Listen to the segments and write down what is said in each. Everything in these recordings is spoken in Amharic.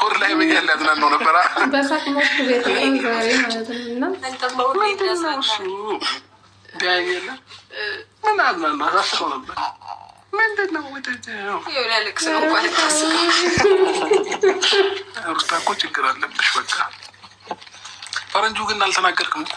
ሆድ ላይ በያለ ያዝናነው ነበረ ምን ነበር። ምንድን ነው ሩታ እኮ ችግር አለብሽ። በቃ ፈረንጁ ግን አልተናገርክም እኮ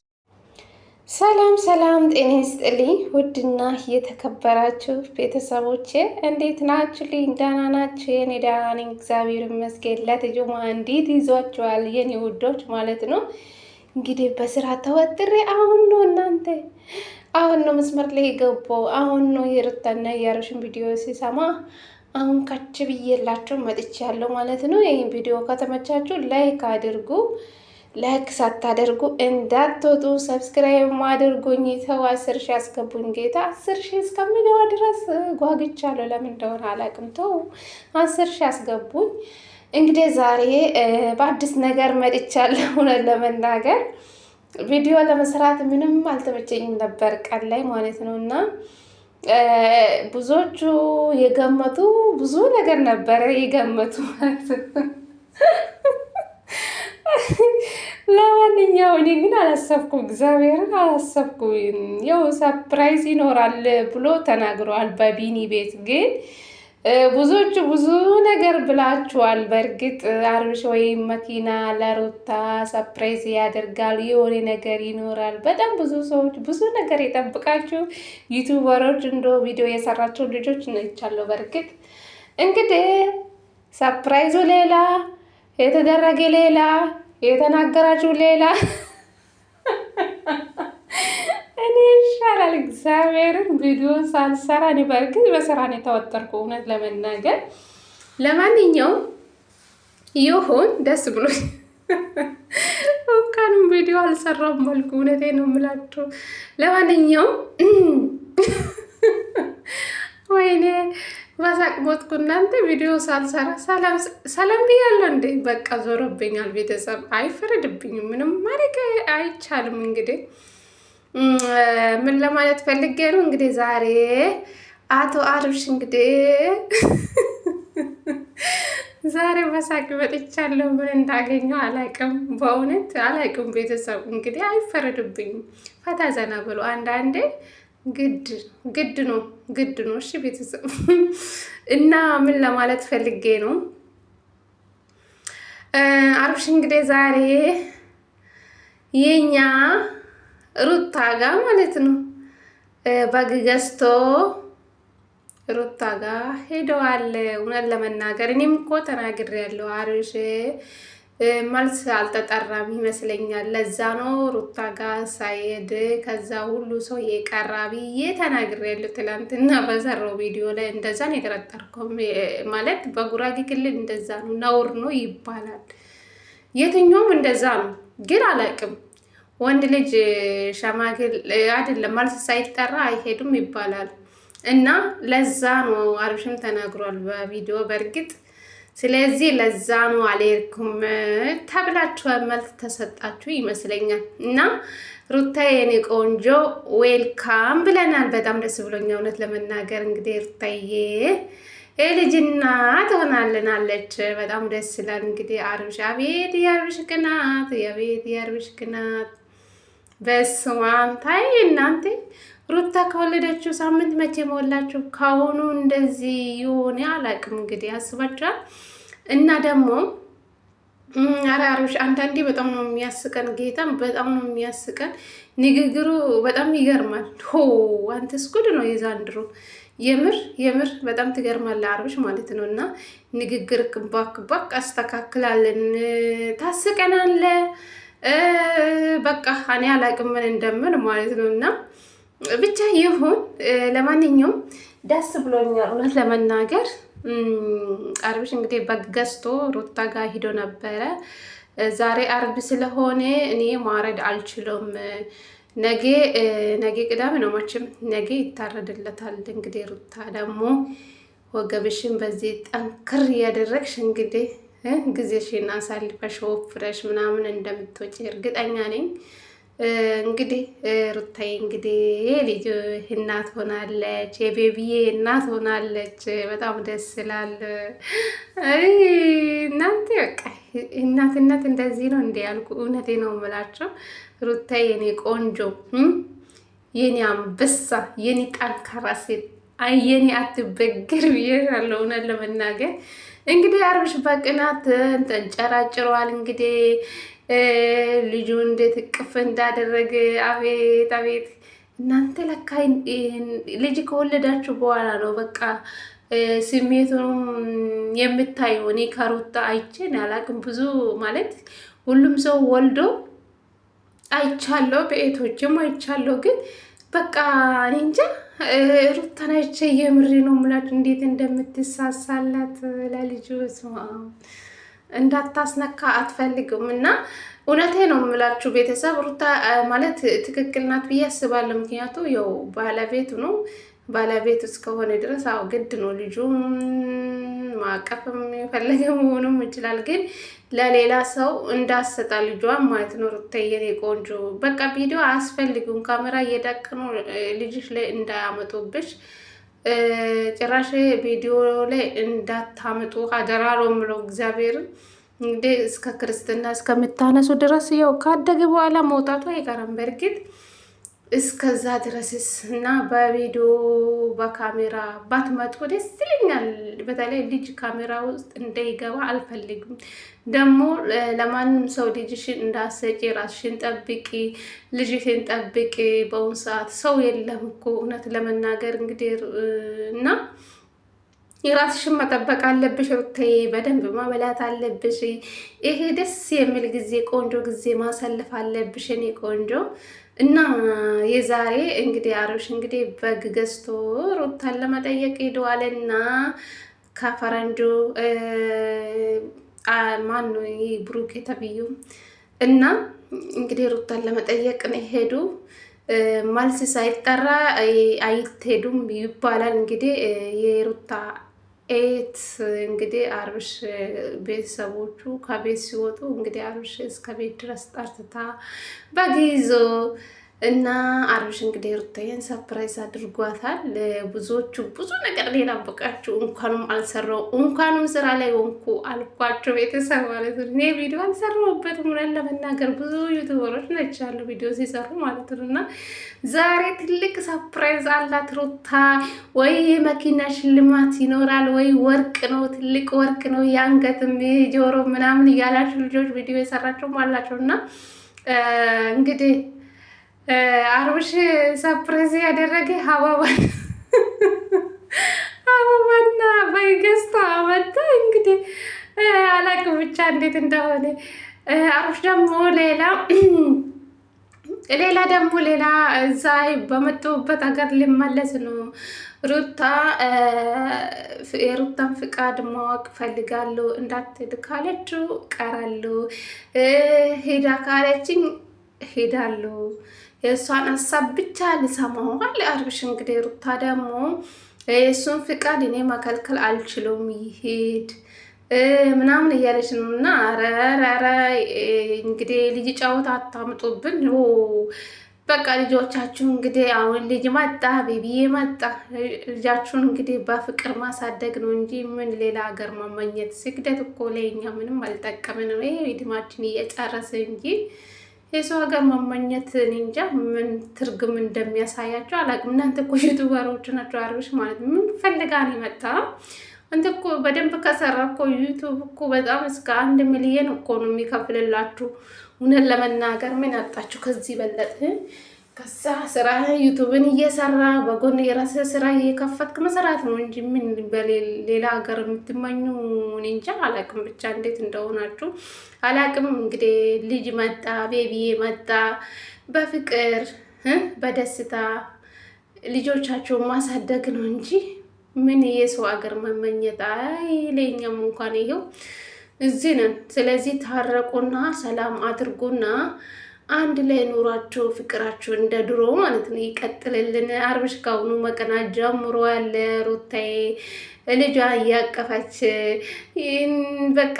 ሰላም ሰላም፣ ጤና ይስጥልኝ ውድና የተከበራችሁ ቤተሰቦቼ እንዴት ልኝ ደህና ናችሁ? የኔ ደህና ነኝ እግዚአብሔር ይመስገን። ለትጁማ እንዴት ይዟችኋል የኔ ውዶች ማለት ነው። እንግዲህ በስራ ተወጥሬ አሁን ነው እናንተ አሁን ነው መስመር ላይ የገባው አሁን ነው የሩታና የአብርሽን ቪዲዮ ሲሰማ አሁን ካች መጥቻ መጥቻለሁ ማለት ነው። ይህን ቪዲዮ ከተመቻችሁ ላይክ አድርጉ። ላይክ ሳታደርጉ እንዳትወጡ። ሰብስክራይብ አድርጉኝ። ተው አስር ሺ አስገቡኝ ጌታ፣ አስር ሺ እስከሚገባ ድረስ ጓግቻለሁ። ለምን እንደሆነ አላውቅም። ተው አስር ሺ አስገቡኝ። እንግዲህ ዛሬ በአዲስ ነገር መጥቻለሁ። እውነት ለመናገር ቪዲዮ ለመስራት ምንም አልተመቸኝም ነበር ቀን ላይ ማለት ነው እና ብዙዎቹ የገመቱ ብዙ ነገር ነበረ የገመቱ ማለት ነው ለማንኛው እኔ ግን አላሰብኩም፣ እግዚአብሔርን አላሰብኩም። ያው ሰፕራይዝ ይኖራል ብሎ ተናግረዋል በቢኒ ቤት ግን ብዙዎቹ ብዙ ነገር ብላችኋል። በእርግጥ አብርሽ ወይም መኪና ለሩታ ሰፕራይዝ ያደርጋል የሆነ ነገር ይኖራል። በጣም ብዙ ሰዎች ብዙ ነገር የጠብቃችሁ ዩቱበሮች እንዶ ቪዲዮ የሰራቸው ልጆች ነቻለሁ። በእርግጥ እንግዲህ ሰፕራይዙ ሌላ የተደረገ ሌላ፣ የተናገራችሁ ሌላ። እኔ ይሻላል እግዚአብሔርን ቪዲዮ ሳልሰራ እኔ በእርግጥ በስራ ነው የተወጠርኩ እውነት ለመናገር ለማንኛውም ይሁን ደስ ብሎ እንኳንም ቪዲዮ አልሰራም መልኩ እውነቴ ነው የምላችሁ። ለማንኛውም ወይኔ በሳቅ ሞትኩ። እናንተ ቪዲዮ ሳልሰራ ሰላም ብያለሁ እንዴ? በቃ ዞሮብኛል። ቤተሰብ አይፈረድብኝም፣ ምንም ማድረግ አይቻልም። እንግዲህ ምን ለማለት ፈልጌ ነው እንግዲህ ዛሬ አቶ አብርሽ እንግዲህ ዛሬ በሳቅ መጥቻለሁ። ምን እንዳገኘው አላቅም፣ በእውነት አላቅም። ቤተሰብ እንግዲህ አይፈረድብኝም። ፈታ ዘና ብሎ አንዳንዴ ግድ ግድ ነው ግድ ነው። እሺ ቤተሰብ እና ምን ለማለት ፈልጌ ነው፣ አብርሽ እንግዲህ ዛሬ የኛ ሩታ ጋ ማለት ነው በግ ገዝቶ ሩታ ጋ ሄደዋል። እውነት ለመናገር እኔም እኮ ተናግሬያለሁ አብርሽ መልስ አልተጠራም ይመስለኛል። ለዛ ነው ሩታ ጋ ሳይሄድ ከዛ ሁሉ ሰው የቀራ ብዬ ተናግሬያለሁ። ትላንትና በሰራው ቪዲዮ ላይ እንደዛ ነው የተረጠርከው ማለት በጉራጌ ክልል እንደዛ ነው፣ ነውር ነው ይባላል። የትኛውም እንደዛ ነው። ግን አላቅም ወንድ ልጅ ሸማግል አይደለም መልስ ሳይጠራ አይሄዱም ይባላል እና ለዛ ነው አብርሽም ተናግሯል በቪዲዮ በእርግጥ ስለዚህ ለዛ ነው አልሄድኩም ተብላችሁ መልስ ተሰጣችሁ ይመስለኛል። እና ሩታ የኔ ቆንጆ ዌልካም ብለናል። በጣም ደስ ብሎኛ እውነት ለመናገር እንግዲህ ሩታዬ የልጅ እናት በጣም ደስ ይላል። እንግዲህ አብርሽ አቤት የአብርሽ ቅናት፣ የቤት የአብርሽ ቅናት በስመ ታይ እናንተ ሩታ ከወለደችው ሳምንት መቼ ሞላችሁ? ከአሁኑ እንደዚህ የሆነ አላውቅም። እንግዲህ አስባችኋል። እና ደግሞ አራሪዎች አንዳንዴ በጣም ነው የሚያስቀን፣ ጌታም በጣም ነው የሚያስቀን። ንግግሩ በጣም ይገርማል። ሆ አንተስ ጉድ ነው የዛንድሮ። የምር የምር በጣም ትገርማለ አብርሽ ማለት ነው። እና ንግግር ክባክ ባክ አስተካክላለን፣ ታስቀናለ። በቃ እኔ አላቅም ምን እንደምል ማለት ነው። እና ብቻ ይሁን። ለማንኛውም ደስ ብሎኛል እውነት ለመናገር አብርሽ እንግዲህ በግ ገዝቶ ሩታ ጋር ሂዶ ነበረ። ዛሬ አርብ ስለሆነ እኔ ማረድ አልችልም። ነገ ነገ ቅዳሜ ነው መቼም ነገ ይታረድለታል። እንግዲህ ሩታ ደግሞ ወገብሽን በዚህ ጠንክር እያደረግሽ እንግዲህ ጊዜሽን አሳልፈሽ ወፍረሽ ምናምን እንደምትወጪ እርግጠኛ ነኝ። እንግዲህ ሩታዬ እንግዲህ የልጅ እናት ሆናለች፣ የቤቢዬ እናት ሆናለች። በጣም ደስ ይላል። እናንተ በቃ እናትነት እንደዚህ ነው እንዲ ያልኩ እውነቴ ነው የምላቸው። ሩታዬ የኔ ቆንጆ፣ የኔ አንበሳ፣ የኔ ጠንካራ ሴት አየኔ አትበገር ብዬ ያለው እውነት ለመናገር እንግዲህ አብርሽ በቅናት ተንጨራጭሯል እንግዲህ ልጁ እንዴት እቅፍ እንዳደረገ አቤት አቤት። እናንተ ለካ ልጅ ከወለዳችሁ በኋላ ነው በቃ ስሜቱን የምታየው። እኔ ከሩታ አይቼን አላቅም ብዙ ማለት ሁሉም ሰው ወልዶ አይቻለው፣ በኤቶችም አይቻለው። ግን በቃ እኔ እንጃ ሩታን አይቼ የምሬ ነው ሙላት እንዴት እንደምትሳሳላት ለልጁ ስማ እንዳታስነካ አትፈልግም እና እውነቴ ነው የምላችሁ ቤተሰብ ሩታ ማለት ትክክል ናት ብዬ አስባለሁ። ምክንያቱ ያው ባለቤቱ ነው ባለቤቱ እስከሆነ ድረስ አዎ ግድ ነው ልጁ ማቀፍም የፈለገ መሆኑም ይችላል። ግን ለሌላ ሰው እንዳሰጣ ልጇን ማለት ነው። ሩታዬን ቆንጆ በቃ ቪዲዮ አያስፈልግም። ካሜራ እየደቀኑ ልጅሽ ላይ እንዳያመጡብሽ ጭራሽ ቪዲዮ ላይ እንዳታምጡ አደራ ነው የምለው። እግዚአብሔርን እንግዲህ እስከ ክርስትና እስከምታነሱ ድረስ ያው ካደገ በኋላ መውጣቱ አይቀርም በእርግጥ እስከዛ ድረስስ እና በቪዲዮ በካሜራ ባትመጡ ደስ ይለኛል። በተለይ ልጅ ካሜራ ውስጥ እንዳይገባ አልፈልግም። ደግሞ ለማንም ሰው ልጅሽን እንዳሰጪ ራስሽን ጠብቂ፣ ልጅሽን ጠብቂ። በአሁኑ ሰዓት ሰው የለም እኮ እውነት ለመናገር እንግዲህ እና የራስሽን መጠበቅ አለብሽ። ወቅታዬ በደንብ ማበላት አለብሽ። ይሄ ደስ የሚል ጊዜ ቆንጆ ጊዜ ማሳለፍ አለብሽ። እኔ ቆንጆ እና የዛሬ እንግዲህ አብርሽ እንግዲህ በግ ገዝቶ ሩታን ለመጠየቅ ሄደዋልና ከፈረንጁ ማን ነው ብሩክ የተብዩ እና እንግዲህ ሩታን ለመጠየቅ ነው ሄዱ። መልስ ሳይጠራ አይትሄዱም ይባላል እንግዲህ የሩታ ኤት እንግዲህ አብርሽ ቤተሰቦቹ ከቤት ሲወጡ እንግዲህ አብርሽ እስከ ቤት ድረስ ጠርትታ በጊዞ እና አብርሽ እንግዲህ ሩታዬን ሰርፕራይዝ አድርጓታል። ብዙዎቹ ብዙ ነገር ሌላ በቃችሁ እንኳንም አልሰራው እንኳንም ስራ ላይ ወንኩ አልኳቸው ቤተሰብ ማለት ነው። እኔ ቪዲዮ አልሰራሁበትም እውነት ለመናገር ብዙ ዩቱበሮች ነቻሉ ቪዲዮ ሲሰሩ ማለት ነው። እና ዛሬ ትልቅ ሰርፕራይዝ አላት ሩታ። ወይ የመኪና ሽልማት ይኖራል፣ ወይ ወርቅ ነው፣ ትልቅ ወርቅ ነው፣ የአንገትም የጆሮ ምናምን እያላችሁ ልጆች ቪዲዮ የሰራችሁም አላቸው እና እንግዲህ አብርሽ ሰፕሬዝ ያደረገ አበባ አበባና በይገዝታ አመጣ። እንግዲህ አላቅም ብቻ እንዴት እንደሆነ አብርሽ ደግሞ ሌላ ሌላ ደግሞ ሌላ እዛ በመጡበት ሀገር ልመለስ ነው። ሩታ የሩታን ፍቃድ ማወቅ ፈልጋሉ እንዳትሄድ ካለች ቀራሉ ሄዳ ካለችኝ ሄዳሉ የእሷን ሀሳብ ብቻ ልሰማዋል። አብርሽ እንግዲህ ሩታ ደግሞ የእሱን ፍቃድ እኔ መከልከል አልችለውም ይሄድ ምናምን እያለች ነው እና ረረረ እንግዲህ ልጅ ጫወታ አታምጡብን። በቃ ልጆቻችሁ እንግዲህ አሁን ልጅ መጣ ቤቢዬ መጣ። ልጃችሁን እንግዲህ በፍቅር ማሳደግ ነው እንጂ ምን ሌላ ሀገር መመኘት። ስግደት እኮ ለኛ ምንም አልጠቀምንም። ይሄ ድማችን እየጨረሰ እንጂ የሰው ሀገር መመኘት እንጃ ምን ትርጉም እንደሚያሳያቸው አላውቅም። እናንተ እኮ ዩቱበሮች ናቸው አርብሽ ማለት ምን ፈልጋ ነው የመጣ አንተ እኮ በደንብ ከሰራ እኮ ዩቱብ እኮ በጣም እስከ አንድ ሚሊየን እኮ ነው የሚከፍልላችሁ። እውነት ለመናገር ምን አጣችሁ ከዚህ በለጥ ከዛ ስራ ዩቱብን እየሰራ በጎን የራስ ስራ እየከፈትክ መሰራት ነው እንጂ ምን በሌላ ሀገር የምትመኙ እንጃ አላቅም። ብቻ እንዴት እንደሆናችሁ አላቅም። እንግዲህ ልጅ መጣ፣ ቤቢዬ መጣ። በፍቅር በደስታ ልጆቻቸውን ማሳደግ ነው እንጂ ምን የሰው ሀገር መመኘት። አይ ለኛም እንኳን ይሄው እዚህ ነን። ስለዚህ ታረቁና ሰላም አድርጉና አንድ ላይ ኑሯቸው ፍቅራቸው እንደ ድሮ ማለት ነው ይቀጥልልን። አብርሽ ካሁኑ መቀናት ጀምሮ ያለ ሩታዬ ልጇ እያቀፈች በቃ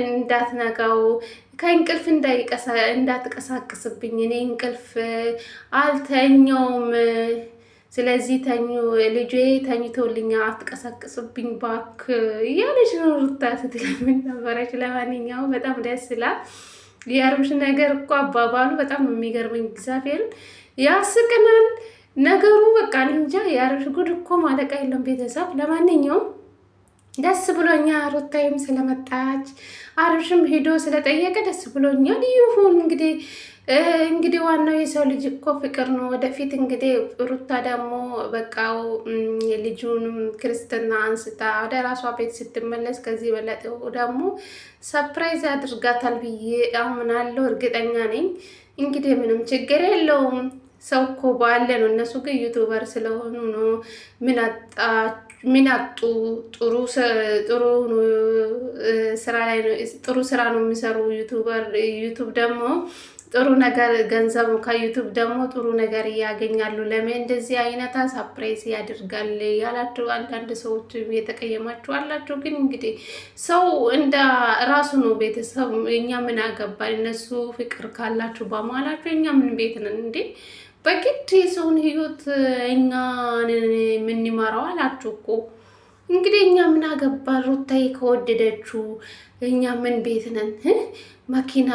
እንዳትነጋው ከእንቅልፍ እንዳትቀሳቅስብኝ እኔ እንቅልፍ አልተኛውም። ስለዚህ ተኙ ልጄ ተኝቶልኛ አትቀሳቅስብኝ ባክ እያለች ነው ሩታ ስትለምን ነበረች። ለማንኛውም በጣም ደስ ይላል። የአርምሽ ነገር እኮ አባባሉ በጣም የሚገርመኝ እግዚአብሔርን ያስቅናል ነገሩ። በቃ እንጃ የአርምሽ ጉድ እኮ ማለቃ የለም ቤተሰብ ለማንኛውም ደስ ብሎኛ ሩታይም ስለመጣች አብርሽም ሂዶ ስለጠየቀ ደስ ብሎኛ። ይሁን እንግዲህ እንግዲህ ዋናው የሰው ልጅ እኮ ፍቅር ነው። ወደፊት እንግዲህ ሩታ ደግሞ በቃው የልጁን ክርስትና አንስታ ወደ ራሷ ቤት ስትመለስ ከዚህ በለጥ ደግሞ ሰፕራይዝ አድርጋታል ብዬ አምናለሁ፣ እርግጠኛ ነኝ። እንግዲህ ምንም ችግር የለውም። ሰው እኮ ባለ ነው። እነሱ ግን ዩቱበር ስለሆኑ ነው። ምን አጣ ምን አጡ? ጥሩ ጥሩ ስራ ነው የሚሰሩ ዩቱበር። ዩቱብ ደግሞ ጥሩ ነገር ገንዘቡ ከዩቱብ ደግሞ ጥሩ ነገር እያገኛሉ። ለምን እንደዚህ አይነት ሳፕራይዝ ያደርጋል ያላችሁ አንዳንድ ሰዎች የተቀየማቸው አላችሁ። ግን እንግዲህ ሰው እንደ ራሱ ነው። ቤተሰብ እኛ ምን አገባል? እነሱ ፍቅር ካላችሁ በማላችሁ እኛ ምን ቤት ነን እንዴ? በግድ የሰውን ህይወት እኛ የምንመራው አላችሁ እኮ። እንግዲህ እኛ ምን አገባ ሩታዬ ከወደደችው፣ እኛ ምን ቤት ነን? መኪና